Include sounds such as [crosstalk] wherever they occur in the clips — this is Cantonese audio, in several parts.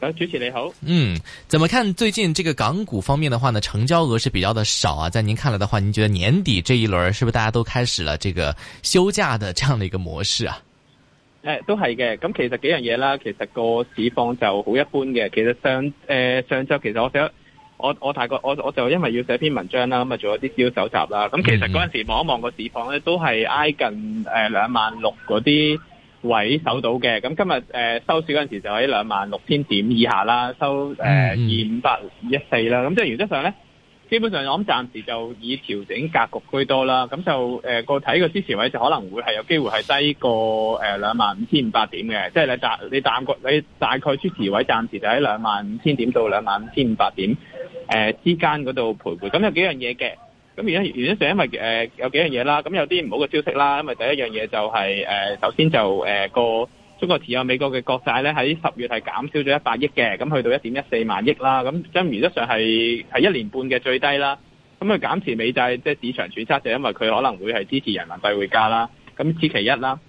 咁主持你好，嗯，怎麼看最近這個港股方面的話呢？成交額是比較的少啊，在您看來的話，您覺得年底這一輪是不是大家都開始了這個休假的這樣的一個模式啊？誒，都係嘅，咁其實幾樣嘢啦，其實個市況就好一般嘅，其實上誒、呃、上周其實我想我我大概我我就因為要寫篇文章啦，咁啊做咗啲資料搜集啦，咁、嗯、其實嗰陣時望一望個市況呢都係挨近誒兩萬六嗰啲。呃 26, 位守到嘅，咁今日、呃、收市嗰陣時就喺兩萬六千點以下啦，收、呃嗯、二五八一四啦，咁即係原則上咧，基本上我諗暫時就以調整格局居多啦，咁就誒、呃、個睇個支持位就可能會係有機會係低過誒兩萬五千五百點嘅，即係你暫你暫個你大概支持位暫時就喺兩萬五千點到兩萬五千五百點、呃、之間嗰度徘徊，咁有幾樣嘢嘅。咁而家，原因就因為、呃、有幾樣嘢啦，咁有啲唔好嘅消息啦。因為第一樣嘢就係、是呃、首先就誒個、呃、中國持有美國嘅國債咧，喺十月係減少咗一百億嘅，咁去到一點一四萬億啦，咁將原則上係一年半嘅最低啦。咁佢減持美債，即、就、係、是、市場揣測就係因為佢可能會係支持人民幣匯價啦，咁此其一啦。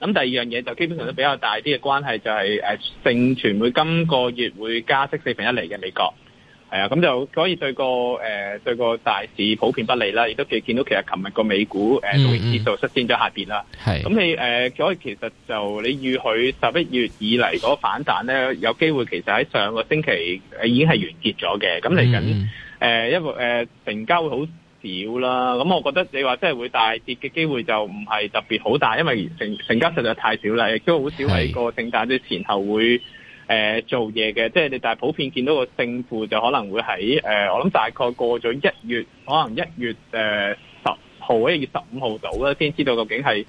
咁第二樣嘢就基本上都比較大啲嘅關係就係、是、誒，盛傳會今個月會加息四分一厘嘅美國。啊，咁、嗯、就所以對個誒、呃、對個大市普遍不利啦，亦都見見到其實琴日個美股誒都會率先咗下跌啦。咁是你誒所以其實就你預佢十一月以嚟嗰個反彈咧，有機會其實喺上個星期已經係完結咗嘅。咁嚟緊誒，因為誒成交會好少啦，咁我覺得你話真係會大跌嘅機會就唔係特別好大，因為成成，成交實在太少啦，亦都好少喺個聖誕節前後會。誒、呃、做嘢嘅，即係你，但係普遍見到個勝負就可能會喺誒、呃，我諗大概過咗一月，可能一月誒十號、一、呃、月十五號到啦，先知道究竟係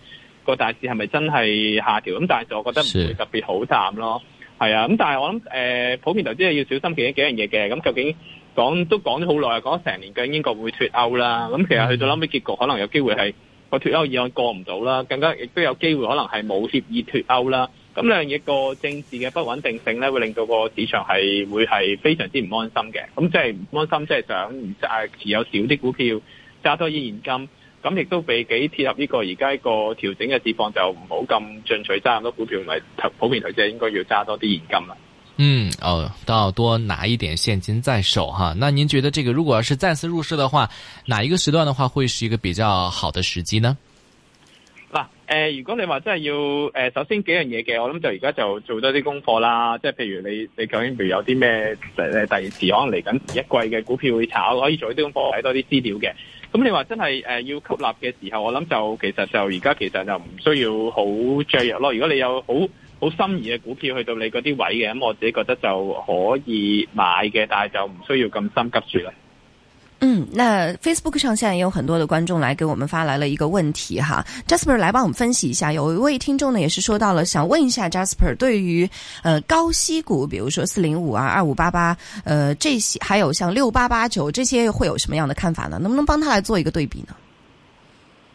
個大市係咪真係下調。咁但係我覺得唔會特別好淡咯，係是啊。咁但係我諗誒、呃，普遍頭先係要小心幾幾樣嘢嘅。咁究竟講都講咗好耐，講成年嘅英國會脱歐啦。咁其實去到臨尾結局，的可能有機會係個脱歐議案過唔到啦，更加亦都有機會可能係冇協議脱歐啦。咁樣一個政治嘅不穩定性咧，會令到個市場係會係非常之唔安心嘅。咁即係唔安心，即係想揸持有少啲股票，揸多啲現金。咁亦都被幾貼合呢個而家個調整嘅地方，就唔好咁進取揸咁多股票嚟投普遍投資，應該要揸多啲現金啦。嗯，哦，都要多拿一點現金在手哈。那您覺得這個如果要是再次入市的話，哪一個時段的話會是一個比較好的時機呢？呃、如果你話真係要、呃、首先幾樣嘢嘅，我諗就而家就做多啲功課啦。即係譬如你，你究竟譬如有啲咩第二時可能嚟緊一季嘅股票會炒，可以做啲功課，睇多啲資料嘅。咁你話真係、呃、要吸納嘅時候，我諗就其實就而家其實就唔需要好追入咯。如果你有好好心儀嘅股票去到你嗰啲位嘅，咁我自己覺得就可以買嘅，但係就唔需要咁心急住啦。嗯，那 Facebook 上現在也有很多的觀眾來給我們發來了一個問題哈，Jasper 來幫我們分析一下。有一位聽眾呢，也是說到了，想問一下 Jasper 對於呃高息股，比如說四零五啊、二五八八呃這些，還有像六八八九這些，會有什麼樣的看法呢？能不能幫他來做一個對比呢？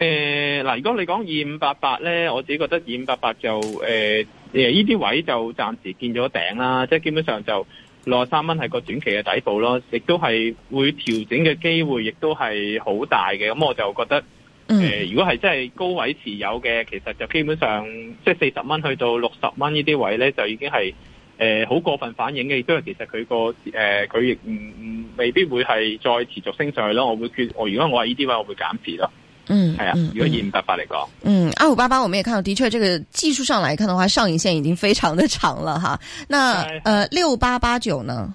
呃嗱，如果你講二五八八呢，我自己覺得二五八八就呃誒，呃，呢啲位就暫時見咗頂啦，啊，即係基本上就。六十三蚊係個短期嘅底部咯，亦都係會調整嘅機會是很的，亦都係好大嘅。咁我就覺得，誒、呃，如果係真係高位持有嘅，其實就基本上即係四十蚊去到六十蚊呢啲位咧，就已經係誒好過分反應嘅。亦都係其實佢個誒，佢亦唔唔未必會係再持續升上去咯。我會決，我如果我係呢啲位置，我會減持咯。嗯，係啊，如果二五八八嚟講，嗯，二五八八，爸爸我們也看到，的確，這個技術上來看的話，上影線已經非常的長了，哈。那，是呃，六八八九呢？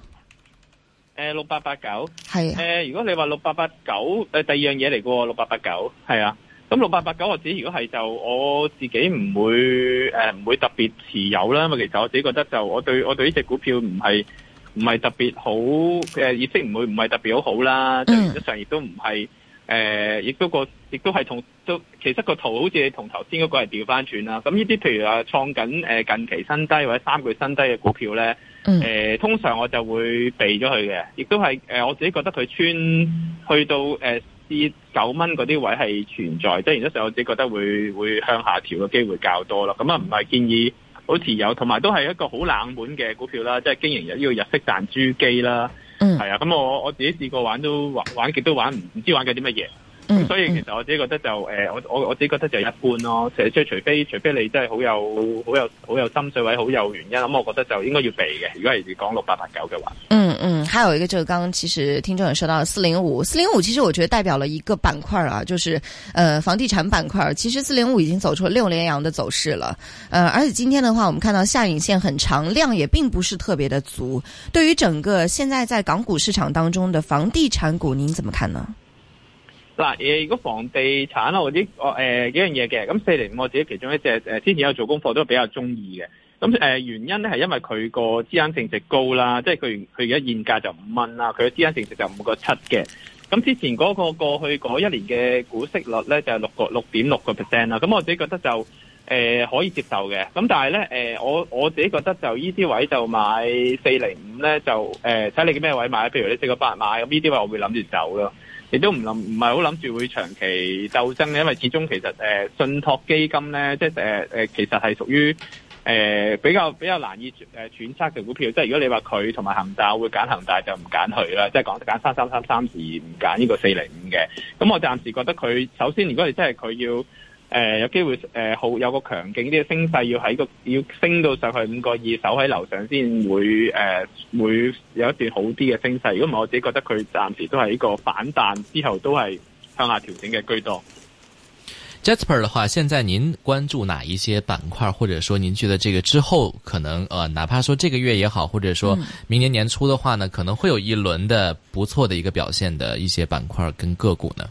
誒、呃，六八八九，係誒、呃，如果你話六八八九誒，第二樣嘢嚟過六八八九，係啊。咁六八八九，我自己如果係就，我自己唔會誒，唔、呃、會特別持有啦，因為其實我自己覺得就，我對我對呢隻股票唔係唔係特別好嘅，意識唔會唔係特別好好啦，即係實質上亦都唔係。誒，亦、呃、都個，亦都係同都，其實個圖好似你同頭先嗰個係調翻轉啦。咁呢啲譬如話創緊誒近期新低或者三個月新低嘅股票咧，誒、呃、通常我就會避咗佢嘅，亦都係誒、呃、我自己覺得佢穿去到誒四九蚊嗰啲位係存在，即係然之後我自己覺得會會向下調嘅機會較多啦。咁啊唔係建議好持有，同埋都係一個好冷門嘅股票啦，即、就、係、是、經營有呢個日式彈珠機啦。嗯，係啊，咁我我自己試過玩都玩玩極都玩唔唔知玩緊啲乜嘢，嗯，所以其實我自己覺得就誒、呃，我我我自己覺得就一般咯，即係除非除非你真係好有好有好有心水位好有原因，咁我覺得就應該要避嘅，如果係講六八八九嘅話。嗯。嗯，還有一個就是剛剛其實聽眾也說到四零五四零五，其實我覺得代表了一個板塊啊，就是呃房地產板塊。其實四零五已經走出了六連陽的走勢了，呃，而且今天的話，我們看到下影線很長，量也並不是特別的足。對於整個現在在港股市場當中的房地產股，您怎麼看呢？嗱，如、呃、果房地產我呢，哦，呃，幾樣嘢嘅，咁四零五我自己其中一隻呃，之前有做功課都比較中意嘅。咁誒、呃、原因咧係因為佢個資產淨值高啦，即係佢佢而家現價就五蚊啦，佢嘅資產淨值就五個七嘅。咁之前嗰個過去嗰一年嘅股息率咧就係六個六點六個 percent 啦。咁我自己覺得就誒、呃、可以接受嘅。咁但係咧誒我我自己覺得就呢啲位就買四零五咧就誒睇、呃、你嘅咩位買，譬如你四個八買，咁呢啲位我會諗住走咯。亦都唔諗唔係好諗住會長期鬥爭，因為始終其實、呃、信託基金咧即係、呃、其實係屬於。誒、呃、比較比較難以誒揣測嘅股票，即係如果你話佢同埋恒大，會揀恒大就唔揀佢啦。即係講緊揀三三三三二，唔揀呢個四零五嘅。咁我暫時覺得佢首先，如果你真係佢要誒、呃、有機會誒好、呃、有個強勁啲嘅升勢，要喺個要升到上去五個二，守喺樓上先會誒、呃、會有一段好啲嘅升勢。如果唔係，我自己覺得佢暫時都係呢個反彈之後都係向下調整嘅居多。Jasper 的話，現在您關注哪一些板塊，或者說您覺得這個之後可能，呃，哪怕說這個月也好，或者說明年年初的話呢，可能會有一輪的不錯的一個表現的一些板塊跟個股呢？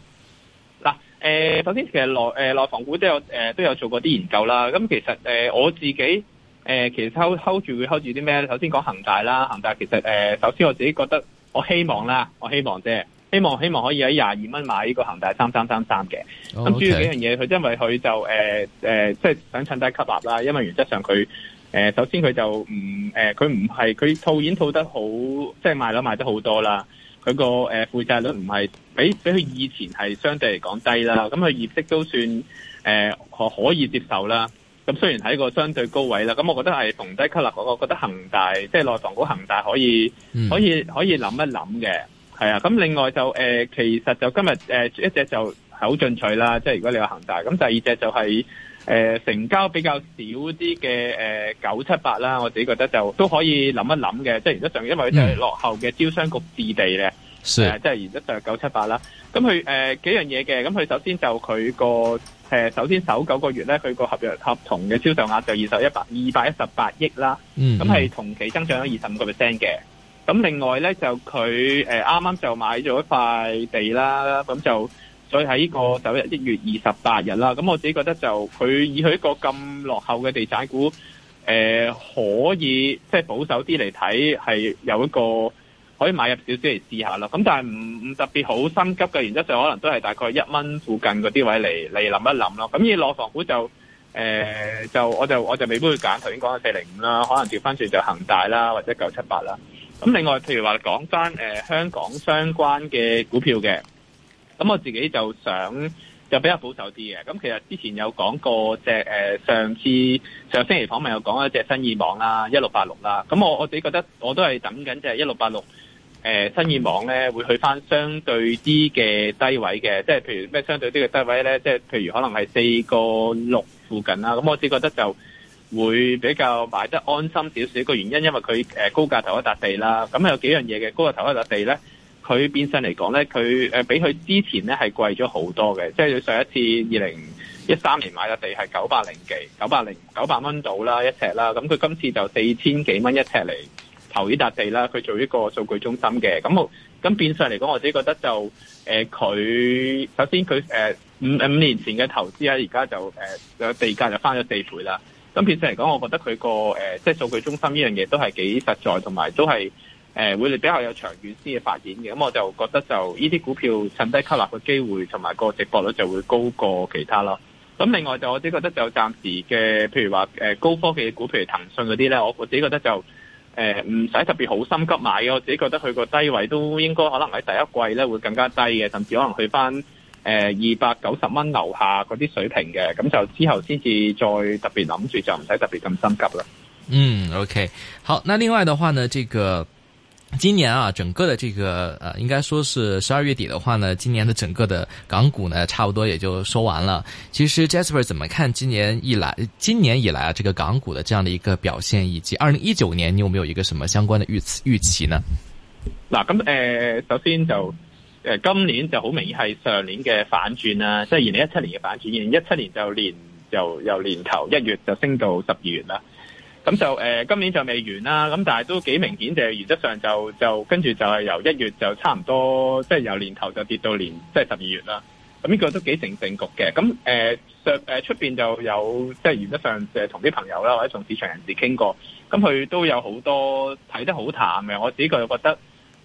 嗱、嗯，誒、呃，首先其實內誒內房股都有誒、呃、都有做過啲研究啦。咁、嗯、其實誒、呃、我自己誒、呃、其實 hold hold 住會 hold 住啲咩呢？首先講恒大啦，恒大其實誒、呃、首先我自己覺得我希望啦，我希望啫。希望希望可以喺廿二蚊買呢個恒大三三三三嘅。咁主要幾樣嘢，佢因為佢就誒誒，即、呃、係、呃就是、想趁低吸納啦。因為原則上佢誒、呃，首先佢就唔誒，佢唔係佢套現套得好，即係賣樓賣得好多啦。佢個誒負債率唔係比比佢以前係相對嚟講低啦。咁佢業績都算誒可、呃、可以接受啦。咁雖然喺個相對高位啦，咁我覺得係逢低吸納嗰個，我覺得恒大即係、就是、內房股，恒大可以、mm. 可以可以諗一諗嘅。係啊，咁另外就誒、呃，其實就今日誒、呃、一隻就係好進取啦，即係如果你有恒大，咁第二隻就係、是、誒、呃、成交比較少啲嘅誒九七八啦，我自己覺得就都可以諗一諗嘅，即係原則上因為佢就係落後嘅招商局置地嘅、mm. 呃，即係原則上就係九七八啦。咁佢誒幾樣嘢嘅，咁佢首先就佢個誒首先首九個月咧，佢個合約合同嘅銷售額就二十一百二百一十八億啦，咁係、mm hmm. 同期增長咗二十五個 percent 嘅。咁另外呢就佢誒啱啱就買咗一塊地啦，咁就所以喺呢個就一月二十八日啦。咁我自己覺得就佢以佢一個咁落後嘅地產股誒，可以即係保守啲嚟睇，係有一個可以買入少少嚟試下啦。咁但係唔唔特別好心急嘅，原則上可能都係大概一蚊附近嗰啲位嚟嚟諗一諗咯。咁而內房股就誒就我就我就未必會揀，頭先講嘅四零五啦，可能調翻轉就恒大啦或者九七八啦。咁另外，譬如話講翻誒香港相關嘅股票嘅，咁我自己就想就比較保守啲嘅。咁其實之前有講過隻誒、呃、上次上星期訪問有講一隻新意網啦，一六八六啦。咁我我自己覺得我都係等緊隻一六八六誒新意網咧，會去翻相對啲嘅低位嘅。即係譬如咩相對啲嘅低位咧，即係譬如可能係四個六附近啦。咁我自己覺得就。會比較買得安心少少，個原因因為佢誒高價投一笪地啦。咁有幾樣嘢嘅高價投一笪地咧，佢變相嚟講咧，佢誒、呃、比佢之前咧係貴咗好多嘅。即係佢上一次二零一三年買嘅地係九百零幾九百零九百蚊到啦一尺啦。咁佢今次就四千幾蚊一尺嚟投呢笪地啦。佢做呢個數據中心嘅咁，咁變相嚟講，我自己覺得就誒佢、呃、首先佢誒五五年前嘅投資咧，而家就誒、呃、地價就翻咗四倍啦。咁變成嚟講，我覺得佢個即係數據中心呢樣嘢都係幾實在，同埋都係誒、呃、會比較有長遠啲嘅發展嘅。咁我就覺得就呢啲股票趁低吸納嘅機會，同埋個值博率就會高過其他咯。咁另外就我自己覺得就暫時嘅，譬如話、呃、高科技嘅股票，譬如騰訊嗰啲咧，我我自己覺得就誒唔使特別好心急買嘅。我自己覺得佢個低位都應該可能喺第一季咧會更加低嘅，甚至可能去翻，二百九十蚊樓下嗰啲水平嘅，咁就之後先至再特別諗住，就唔使特別咁心急啦。嗯，OK，好。那另外嘅話呢，這個今年啊，整個嘅這個，呃，應該說是十二月底嘅話呢，今年嘅整個嘅港股呢，差唔多也就收完了。其實 Jasper 怎麼看今年以來，今年以來啊，這個港股嘅這樣的一個表現，以及二零一九年你有沒有一個什麼相關嘅預期預期呢？嗱，咁、呃、誒，首先就。今年就好明顯係上年嘅反轉啦，即係二零一七年嘅反轉，二零一七年就年就由年頭一月就升到十二月啦。咁就誒、呃、今年就未完啦，咁但係都幾明顯，就係原則上就就跟住就係由一月就差唔多，即、就、係、是、由年頭就跌到年即係十二月啦。咁呢個都幾成定局嘅。咁誒上出面就有即係、就是、原則上就係同啲朋友啦，或者同市場人士傾過，咁佢都有好多睇得好淡嘅，我自己就覺得。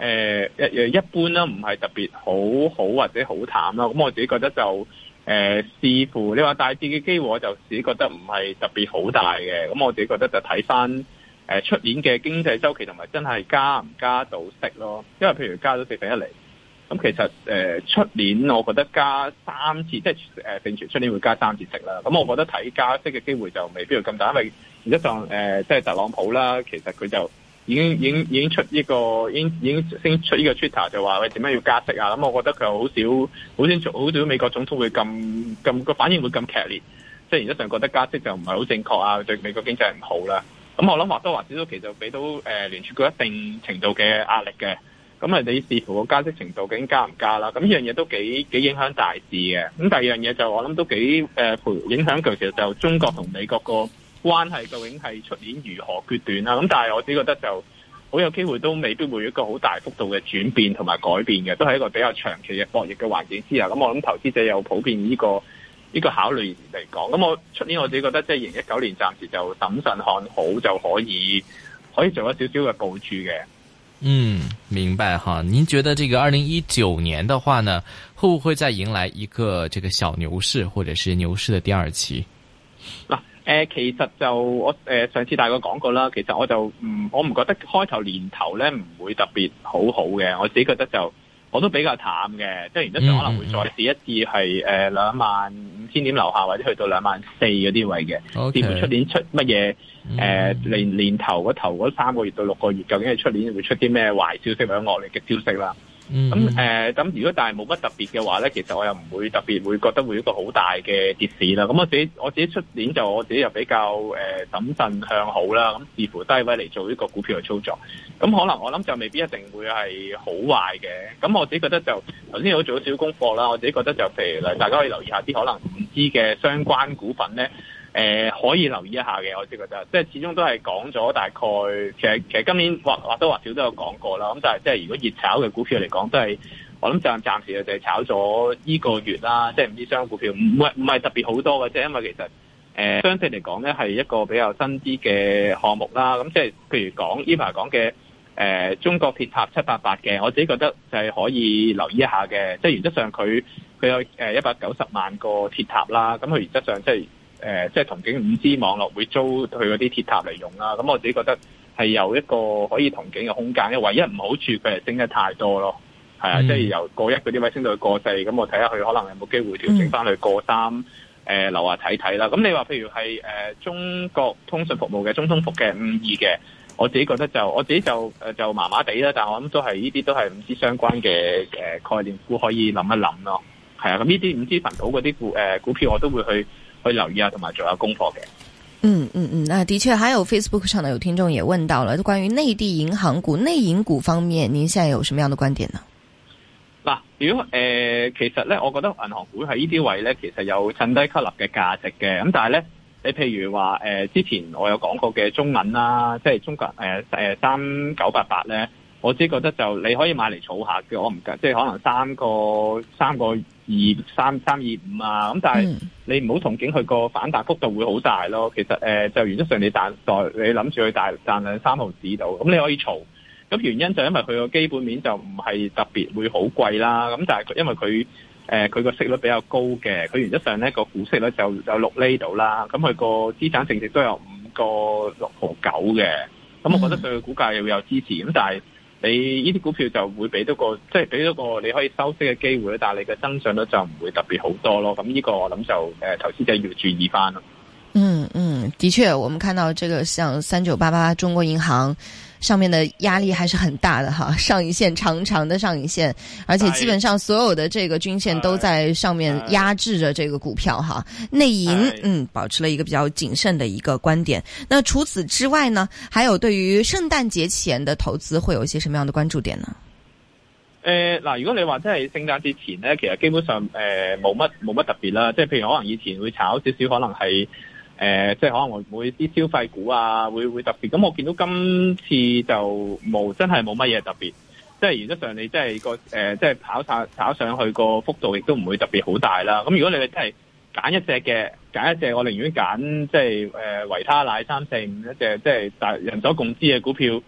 誒一誒一般啦，唔係特別好好或者好淡啦。咁我自己覺得就誒、呃、視乎你話大跌嘅機會，我就自己覺得唔係特別好大嘅。咁我自己覺得就睇翻誒出年嘅經濟周期同埋真係加唔加到息咯。因為譬如加咗四分一厘，咁其實誒出、呃、年我覺得加三次，即係誒並傳出年會加三次息啦。咁我覺得睇加息嘅機會就未必咁大，因為實際上誒即係特朗普啦，其實佢就。已經已經已經出呢、這個，已經已經先出呢個 Twitter 就話喂點解要加息啊？咁、嗯、我覺得佢好少，好少好少美國總統會咁咁個反應會咁劇烈，即係原則上覺得加息就唔係好正確啊，對美國經濟唔好啦、啊。咁、嗯、我諗華多華少或多或少都其實俾到誒聯儲局一定程度嘅壓力嘅。咁、嗯、啊，你視乎個加息程度究竟加唔加啦。咁、嗯、呢樣嘢都幾幾影響大市嘅。咁、嗯、第二樣嘢就我諗都幾誒、呃，影響佢其實就是中國同美國個。關係究竟係出年如何決斷啦？咁但係我自己覺得就好有機會都未必會一個好大幅度嘅轉變同埋改變嘅，都係一個比較長期嘅博弈嘅環境之下。咁我諗投資者有普遍呢個呢個考慮嚟講，咁我出年我自己覺得即係二零一九年暫時就審慎看好就可以，可以做一少少嘅部署嘅。嗯，明白哈。您覺得這個二零一九年的話呢，會唔會再迎來一個這個小牛市，或者是牛市的第二期，啊誒、呃，其實就我誒、呃、上次大概講過啦，其實我就唔、嗯，我唔覺得開頭年頭咧唔會特別好好嘅，我自己覺得就我都比較淡嘅，即係然則上可能會再試一次，係誒兩萬五千點樓下或者去到兩萬四嗰啲位嘅，睇下出年出乜嘢誒年年頭嗰頭嗰三個月到六個月，究竟係出年會出啲咩壞消息或者惡劣嘅消息啦。咁誒，咁如果但係冇乜特別嘅話咧，其實我又唔會特別會覺得會有一個好大嘅跌市啦。咁我自己我自己出年就我自己又比較誒呃、審慎向好啦，咁視乎低位嚟做呢個股票嘅操作。咁可能我諗就未必一定會係好壞嘅。咁我自己覺得就頭先有做咗少功課啦。我自己覺得就譬如嚟大家可以留意一下啲可能唔知嘅相關股份咧。誒、呃、可以留意一下嘅，我自己覺得，即係始終都係講咗大概。其實其實今年或或多或少都有講過啦。咁但係即係如果熱炒嘅股票嚟講，都係我諗暫暫時就係炒咗呢個月啦。即係唔知商股票唔唔係特別好多嘅，即係因為其實誒、呃、相對嚟講咧係一個比較新啲嘅項目啦。咁、嗯、即係譬如講呢排講嘅中國鐵塔七八八嘅，我自己覺得就係可以留意一下嘅。即係原則上佢佢有誒一百九十萬個鐵塔啦。咁佢原則上即、就、係、是。誒、呃，即係同景五 G 網絡會租佢嗰啲鐵塔嚟用啦，啊。咁我自己覺得係有一個可以同景嘅空間。因為唯一唔好處佢係升得太多咯。係啊，嗯、即係由過一嗰啲位升到去過四，咁我睇下佢可能有冇機會調整翻去過三。誒、呃，留下睇睇啦。咁你話譬如係、呃、中國通訊信服務嘅中通服嘅五二嘅，我自己覺得就我自己就誒就麻麻地啦。但我諗都係呢啲都係五 G 相關嘅概念股可以諗一諗咯。係啊，咁呢啲五 G 頻譜嗰啲股，呃、股票我都會去。去留意下，同埋做下功課嘅。嗯嗯嗯，那的確，還有 Facebook 上的有聽眾也問到了，就關於內地銀行股、內銀股方面，您現在有什麼樣的觀點呢？嗱，如果誒、呃，其實呢，我覺得銀行股喺呢啲位呢，其實有趁低吸納嘅價值嘅。咁但係呢，你譬如話誒、呃，之前我有講過嘅中銀啦、啊，即係中國誒誒、呃、三九八八呢。我自己覺得就你可以買嚟儲下嘅，我唔計即係可能三個三個二三三二五啊，咁但係你唔好憧憬佢個反彈幅度會好大咯。其實誒、呃、就原則上你賺，你諗住去大賺兩三毫紙度，咁、嗯、你可以儲。咁、嗯、原因就因為佢個基本面就唔係特別會好貴啦。咁、嗯、但係因為佢誒佢個息率比較高嘅，佢原則上咧個股息率就有六厘度啦。咁佢個資產淨值都有五個六毫九嘅，咁、嗯、我覺得佢個股價又會有支持。咁、嗯、但係。你呢啲股票就會俾到個，即係俾到個你可以收息嘅機會咧，但係你嘅增長咧就唔會特別好多咯。咁、這、呢個我諗就誒，投資者要注意翻咯。嗯嗯，的確，我們看到這個像三九八八中國銀行。上面的壓力還是很大的哈，上影線長長的上影線，而且基本上所有的這個均線都在上面壓制着這個股票哈。內銀營嗯，保持了一個比較謹慎的一個觀點。那除此之外呢，還有對於聖誕節前的投資會有一些什麼樣的關注點呢？呃嗱，如果你話真係聖誕之前呢，其實基本上呃冇乜冇乜特別啦。即係譬如可能以前會炒少少，可能係。誒、呃，即係可能會唔會啲消費股啊，會會特別？咁我見到今次就冇真係冇乜嘢特別，即係原則上你、呃、即係個即係跑擦跑上去個幅度亦都唔會特別好大啦。咁如果你哋真係揀一隻嘅，揀一隻，我寧願揀即係、呃、維他奶三四五一隻，即係大人所共知嘅股票。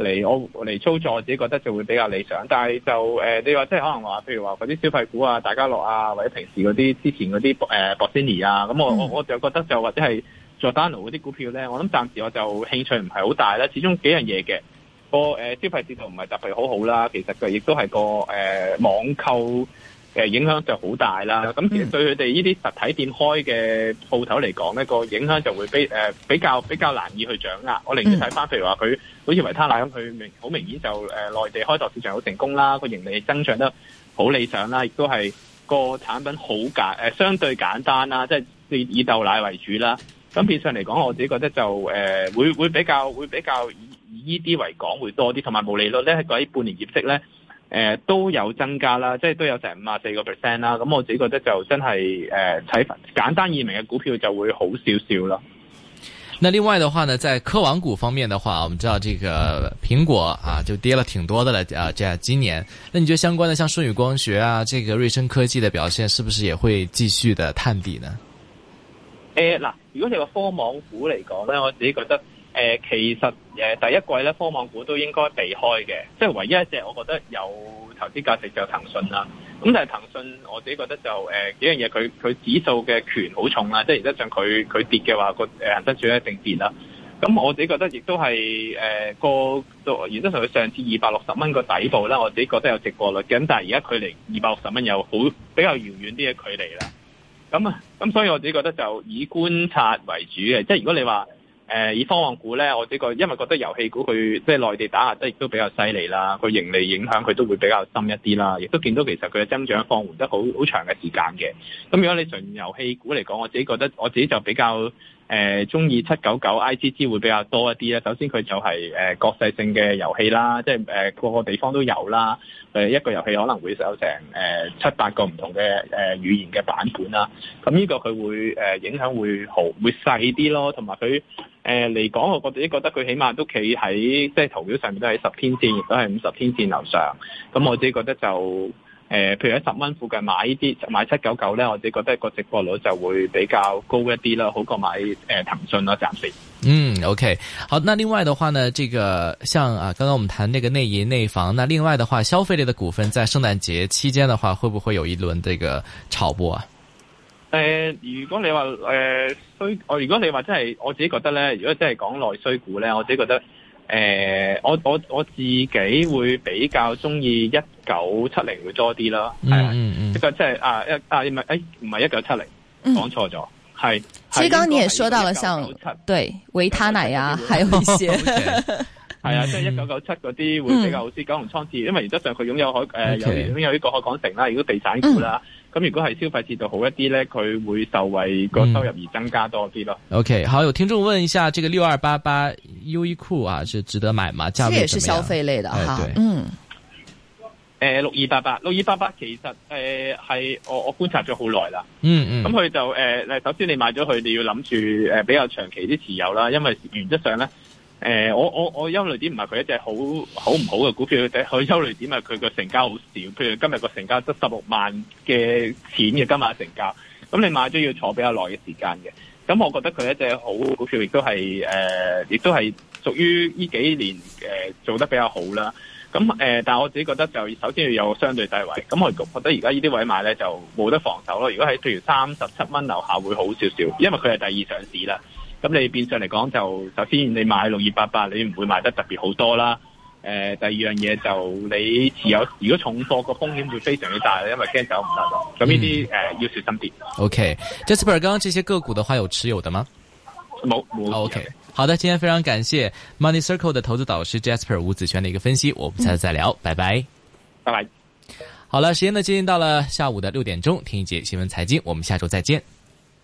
嚟我嚟操作，我自己覺得就會比較理想。但係就誒、呃，你話即係可能話，譬如話嗰啲消費股啊，大家樂啊，或者平時嗰啲之前嗰啲誒 Bossini 啊，咁、嗯嗯、我我我就覺得就或者係 Giordano 嗰啲股票咧，我諗暫時我就興趣唔係好大啦。始終幾樣嘢嘅個誒、呃、消費節奏唔係特別好好啦。其實佢亦都係個誒、呃、網購。誒影響就好大啦，咁其實對佢哋呢啲實體店開嘅鋪頭嚟講呢、個影響就會比誒、呃、比較比較難以去掌握。我寧願睇翻，譬如話佢好似維他奶咁，佢明好明顯就誒、呃、內地開拓市場好成功啦，個盈利增長得好理想啦，亦都係個產品好簡誒相對簡單啦，即係以豆奶為主啦。咁變相嚟講，我自己覺得就誒、呃、會會比較會比較以依啲為講會多啲，同埋毛利率咧喺半年業績咧。誒、呃，都有增加啦，即係都有成五啊四個 percent 啦。咁我自己覺得就真係誒，睇、呃、簡單易明嘅股票就會好少少咯。那另外的話呢，在科網股方面的話，我們知道這個蘋果啊就跌了挺多的啦啊。這今年，那你覺得相關的，像舜宇光學啊，這個瑞聲科技的表現，是不是也會繼續的探底呢？誒，嗱，如果你話科網股嚟講咧，我自己覺得。誒、呃，其實誒、呃，第一季咧，科網股都應該避開嘅，即係唯一一隻我覺得有投資價值就係騰訊啦。咁但係騰訊，我自己覺得就誒、呃、幾樣嘢，佢佢指數嘅權好重啦，即係而家上佢佢跌嘅話，個恒生指數一定跌啦。咁我自己覺得亦都係誒個，呃、實質上佢上次二百六十蚊個底部啦，我自己覺得有值博率嘅，但係而家佢離二百六十蚊又好比較遙遠啲嘅距離啦。咁啊，咁所以我自己覺得就以觀察為主嘅，即係如果你話。誒以科網股咧，我自己覺得因為覺得遊戲股佢即係內地打壓得亦都比較犀利啦，佢盈利影響佢都會比較深一啲啦，亦都見到其實佢嘅增長放緩得好好長嘅時間嘅。咁、嗯嗯嗯、如果你純遊戲股嚟講，我自己覺得我自己就比較。誒中意七九九 IGG 會比較多一啲啦。首先佢就係、是、誒、呃、國際性嘅遊戲啦，即係誒個個地方都有啦。誒、呃、一個遊戲可能會有成誒、呃、七八個唔同嘅誒、呃、語言嘅版本啦。咁呢個佢會誒、呃、影響會好會細啲咯。同埋佢誒嚟講，我覺得覺得佢起碼都企喺即係圖表上面都係十天線，亦都係五十天線樓上。咁我自己覺得就。誒、呃，譬如喺十蚊附近買啲買七九九咧，我自己覺得個值博率就會比較高一啲啦，好過買誒、呃、騰訊啦暫時。嗯，OK，好，那另外的話呢，這個像啊，剛剛我們談那個內銀內房，那另外的話，消費類的股份在聖誕節期間的話，會不會有一輪這個炒波啊？誒、呃，如果你話誒、呃、衰，我、呃、如果你話真係，我自己覺得咧，如果真係講內需股咧，我自己覺得。欸、我我我自己會比較中意一九七零會多啲啦，係啊，即係啊一啊唔係，誒唔係一九七零，講、哎、錯咗、嗯嗯，其實剛你也說到了，像對維他奶啊，奶啊還有一些。 [laughs] 係、嗯、啊，即係一九九七嗰啲會比較，好似九龍倉置，因為原則上佢擁有海誒 okay,、呃、有擁有呢個海港城啦，如果地產股啦，咁、嗯、如果係消費指數好一啲咧，佢會受惠個收入而增加多啲咯。OK，好，有聽眾問一下，這個六二八八優衣庫啊，是值得買嗎？價錢是消費類的吓，嗯，誒六二八八六二八八其實誒係我我觀察咗好耐啦，嗯、呃、嗯，咁佢就誒首先你買咗佢，你要諗住誒比較長期啲持有啦，因為原則上咧。誒、呃，我我我憂慮點唔係佢一隻好好唔好嘅股票，佢憂慮點係佢個成交好少。譬如今日個成交得十六萬嘅錢嘅，今日成交，咁你買咗要坐比較耐嘅時間嘅。咁我覺得佢一隻好股票，亦、呃、都係誒，亦都係屬於呢幾年誒、呃、做得比較好啦。咁、呃、但我自己覺得就首先要有相對低位。咁我覺得而家呢啲位買咧就冇得防守咯。如果喺譬如三十七蚊樓下會好少少，因為佢係第二上市啦。咁你變相嚟講就，首先你買六二八八，你唔會買得特別好多啦。誒、呃，第二樣嘢就你持有，如果重貨個風險會非常之大，因為驚走唔得。咁呢啲誒要小心啲。O、okay, K，Jasper，剛剛這些個股的話有持有的嗎？冇冇。哦、o、okay、K，好的，今天非常感謝 Money Circle 的投資導師 Jasper 吳子軒的一個分析，我們下次再聊，嗯、拜拜。拜拜。好了，時間呢接近到了下午的六點鐘，聽一節新聞財經，我們下周再見。